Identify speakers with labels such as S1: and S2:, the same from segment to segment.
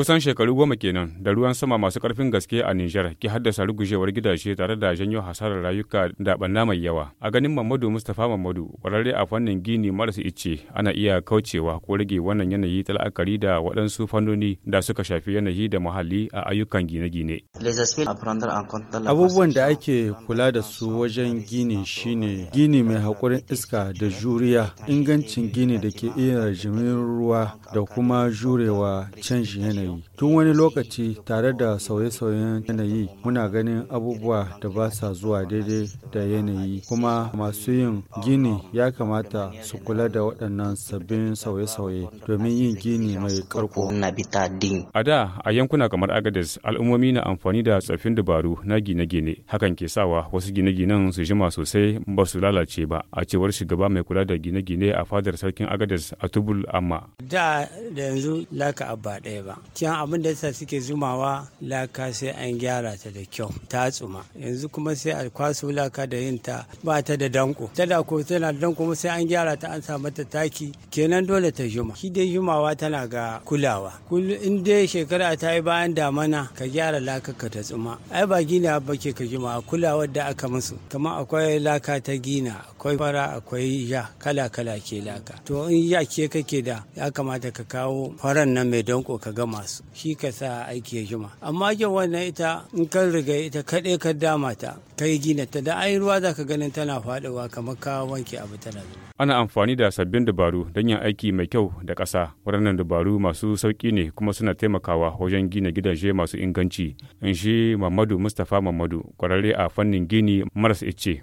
S1: Kusan shekaru goma kenan da ruwan sama masu karfin gaske a Nijar ke haddasa rugujewar gidaje tare da janyo hasarar rayuka da banna mai yawa. A ganin Mamadu Mustapha Mamadu, kwararre a fannin gini maras ice ana iya kaucewa ko rage wannan yanayi ta la'akari da waɗansu fannoni da suka shafi yanayi da muhalli a ayyukan gine-gine.
S2: Abubuwan da ake kula da su wajen gini shine gini mai haƙurin iska da juriya, ingancin gini da ke iya jimin ruwa da kuma jurewa canji yanayi. yi tun wani lokaci tare da sauye-sauyen yanayi muna ganin abubuwa da ba sa zuwa daidai da yanayi kuma masu yin gini ya kamata su kula da waɗannan sabbin sauye-sauye domin yin gini mai karko
S1: a da a yankuna kamar agades al'ummomi na amfani da tsaffin dabaru na gine-gine hakan ke sawa wasu gine-ginen su jima sosai ba su lalace ba a cewar shugaba mai kula da gine-gine a fadar sarkin agades a tubul amma
S3: da da yanzu laka abba ɗaya ba can abin da suke zumawa laka sai an gyara ta da kyau ta tsuma yanzu kuma sai a kwaso laka da yin ta ba ta da danko ta da ko tana da danko sai an gyara ta an sa mata taki kenan dole ta juma shi dai jumawa tana ga kulawa kullum in dai shekara ta yi bayan damana ka gyara laka ka ta tsuma ai ba gina ba ke ka juma kulawa da aka musu kamar akwai laka ta gina akwai fara akwai ya kala kala ke laka to in ya ke kake da ya kamata ka kawo faran nan mai danko ka gama masu shi ka sa aiki ya jima amma jan wannan ita in kan riga ita kaɗai ka dama ta kai gina ta da ai ruwa za ka ganin tana faɗowa kamar ka wanke abu tana
S1: ana amfani da sabbin dabaru don yin aiki mai kyau da ƙasa waɗannan dabaru masu sauƙi ne kuma suna taimakawa wajen gina gidaje masu inganci in shi mamadu mustapha mamadu kwararre a fannin gini maras ice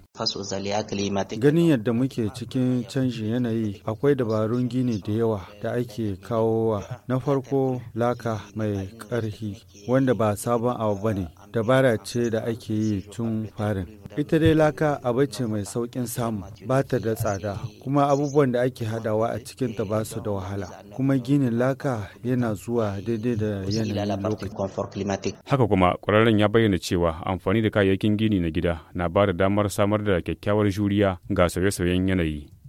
S2: ganin yadda muke cikin canjin yanayi akwai dabarun gini da yawa da ake kawowa na farko laka laka mai ƙarfi wanda ba sabon abu ba ne dabara ce da ake yi tun farin ita dai laka abu ce mai sauƙin samu ba ta da tsada kuma abubuwan da ake hadawa a cikinta ba su da wahala kuma ginin laka yana zuwa daidai da yanayin
S1: lokaci haka kuma ƙwararren ya bayyana cewa amfani da kayayyakin gini na gida na ba da damar samar da kyakkyawar juriya ga sauye-sauyen yanayi